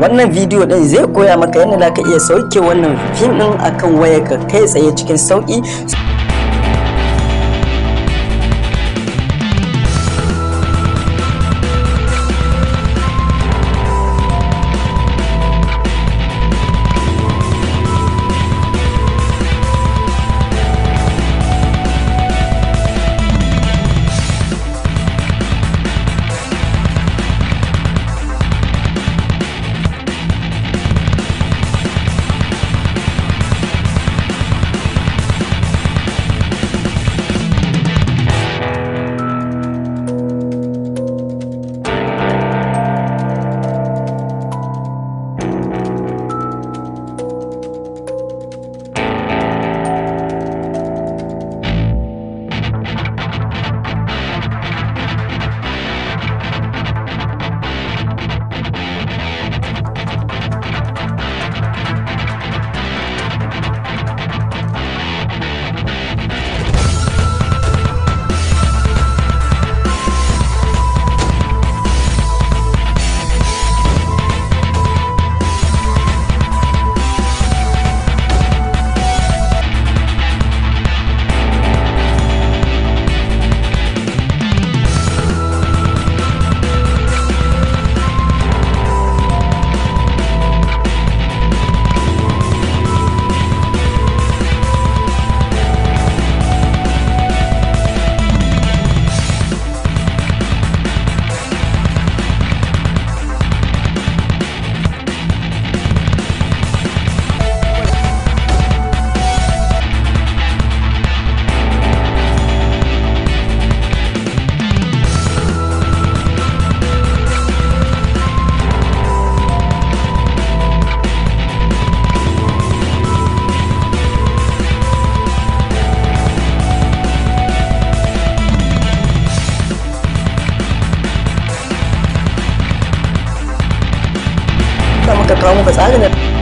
wannan bidiyo din zai koya maka yadda zaka iya sauke wannan fim din akan wayarka kai tsaye cikin sauki traumas des eigenen.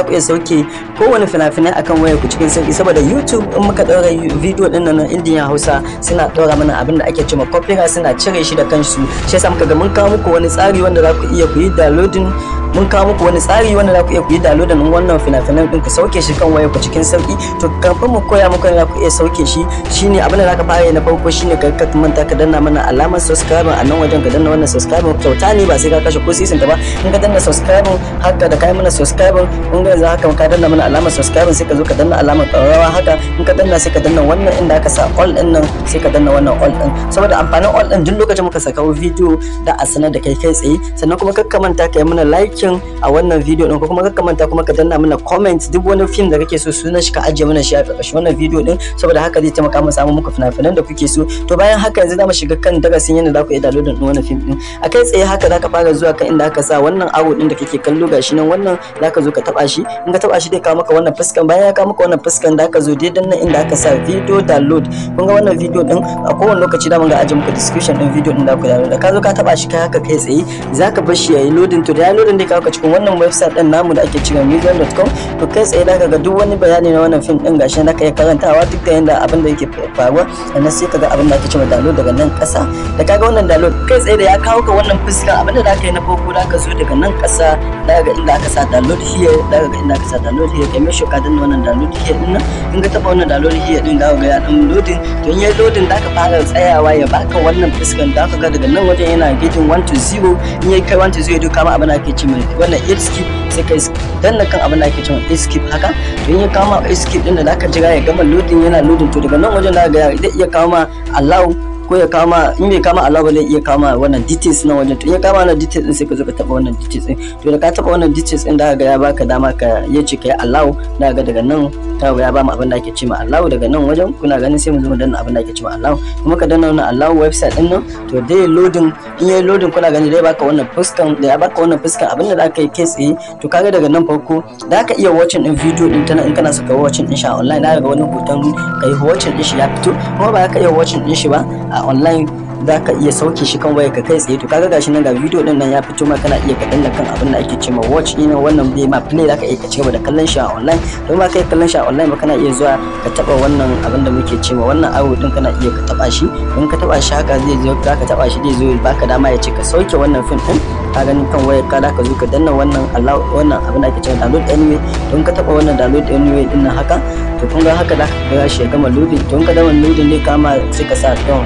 za ku iya sauke kowane fina-finai akan wayar ku cikin sauki saboda YouTube in muka ɗora video ɗin nan Indian Hausa suna ɗaura mana abin da ake cewa copyright suna cire shi da kansu shi yasa muka ga mun kawo muku wani tsari wanda za ku iya ku yi downloading mun kawo muku wani tsari wanda za ku iya ku yi downloading wannan fina-finan ɗin ku sauke shi kan wayar ku cikin sauki to kafin mu koya muku yadda za ku iya sauke shi shine abin da za ka fara yi na farko shine ka ka manta ka danna mana alamar subscribe a nan wajen ka danna wannan subscribe kyauta ne ba sai ka kashe ko sisin ta ba in ka danna subscribe haka da kai mana subscribe kun ga yanzu haka ka danna mana alamar subscribe sai ka zo ka danna alamar ƙararrawa haka in ka danna sai ka danna wannan inda aka sa all ɗin nan sai ka danna wannan all ɗin saboda amfanin all ɗin duk lokacin muka saka video da a sanar da kai kai tsaye sannan kuma kakka manta ka yi mana like watching a wannan video din ko kuma ka kamanta kuma ka danna mana comment duk wani film da kake so sunan shi ka ajiye mana shi a ƙarshen wannan video din saboda haka zai taimaka mu samu muku fina-finan da kuke so to bayan haka yanzu za mu shiga kan darasin yadda za ku iya download din wannan film din a kai tsaye haka za ka fara zuwa kan inda aka sa wannan awo din da kake kallo gashi nan wannan za ka zo ka taba shi in ka taba shi dai ka maka wannan fuskan bayan ya ka maka wannan fuskan da ka zo dai danna inda aka sa video download kun ga wannan video din a kowane lokaci da mun ga ajiye muku description din video din da ku download ka zo ka taba shi kai haka kai tsaye za ka bar shi yi loading to da ya loading kawo ka cikin wannan website din namu da ake cewa museum.com to kai tsaye da ga duk wani bayani na wannan film din gashi zaka kai karantawa duk da yanda abin da yake faruwa sannan sai ka ga abin da ake cewa download daga nan ƙasa da kaga wannan download kai tsaye da ya kawo ka wannan fuska abin da zaka yi na farko da ka zo daga nan ƙasa da ga inda aka sa download here da ga inda aka sa download here kai mai shi ka danna wannan download here din nan in ka taba wannan download here din da ga ya dan loading to in yayi loading da ka fara tsayawa ya baka wannan fuskan ka ga daga nan wajen yana gidin 1 to 0 in yayi kai 1 to 0 duk kama abin da ake cewa wannan escape sai ka danna kan abin da ake cewa escape haka to in ya kama escape din da zaka jira ya gama loading yana loading to daga nan wajen da ga zai iya kama allow ko ya kama in bai kama Allah ba zai iya kama wannan details na wajen to in ya kama wannan details din sai ka zo ka taba wannan details din to da ka taba wannan details din da ga ya baka dama ka ya ce kai Allah da ga daga nan ta ya ba mu abin da ake ce ma Allah daga nan wajen kuna ganin sai mu zo mu danna abin da ake ce ma Allah kuma ka danna wannan Allah website din nan to dai loading in yayi loading kuna gani dai baka wannan fuskan da ya baka wannan fuskan abin da zaka yi kai tsaye to kaga daga nan farko da ka iya watching din video din tana in kana so ka watching din sha online da ga wani hoton kai watching din shi ya fito kuma ba ka iya watching din shi ba online za ka iya sauke shi kan wayar ka kai tsaye to kaga gashi nan ga bidiyo din nan ya fito ma kana iya ka danna kan abin da ake cewa watch ina wannan bai ma play za ka iya ka cigaba da kallon shi a online don ma kai kallon shi a online ba kana iya zuwa ka taba wannan abin da muke cewa wannan abu din kana iya ka taba shi in ka taba shi haka zai zo za ka taba shi zai zo baka dama ya ce ka sauke wannan film din ka gani kan wayar ka za ka zo ka danna wannan wannan abin da ake cewa download anyway don ka taba wannan download anyway din nan haka to kun ga haka za ka ga shi ya gama loading to in ka gama loading ne kama sai ka sa don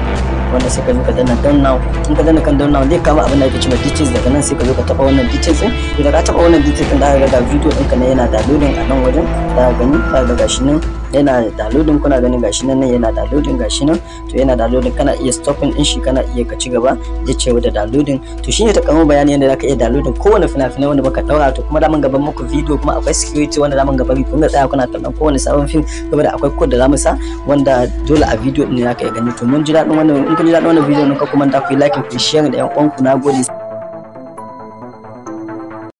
wanda sai ka zo ka danna down in ka danna kan down now zai kama abin da ake cewa ditches daga nan sai ka zo ka taba wannan ditches din idan ka taba wannan ditches din zaka ga video din ka ne yana downloading a nan wajen zaka gani zaka ga gashi nan yana downloading kuna ganin gashi nan yana downloading gashi nan to yana downloading kana iya stopping din shi kana iya ka ci gaba ya ce da downloading to shine ta kamo bayani yadda zaka iya downloading kowane fina-finai wanda baka daura to kuma daman gaban muku video kuma akwai security wanda daman gaban kun ga tsaya kuna kallon kowane sabon film saboda akwai code da zamu sa wanda dole a video din zaka iya gani to mun ji daɗin wannan fatan ji daɗin wannan bidiyo na kuma da ku yi like ku share da yan uwanku na gode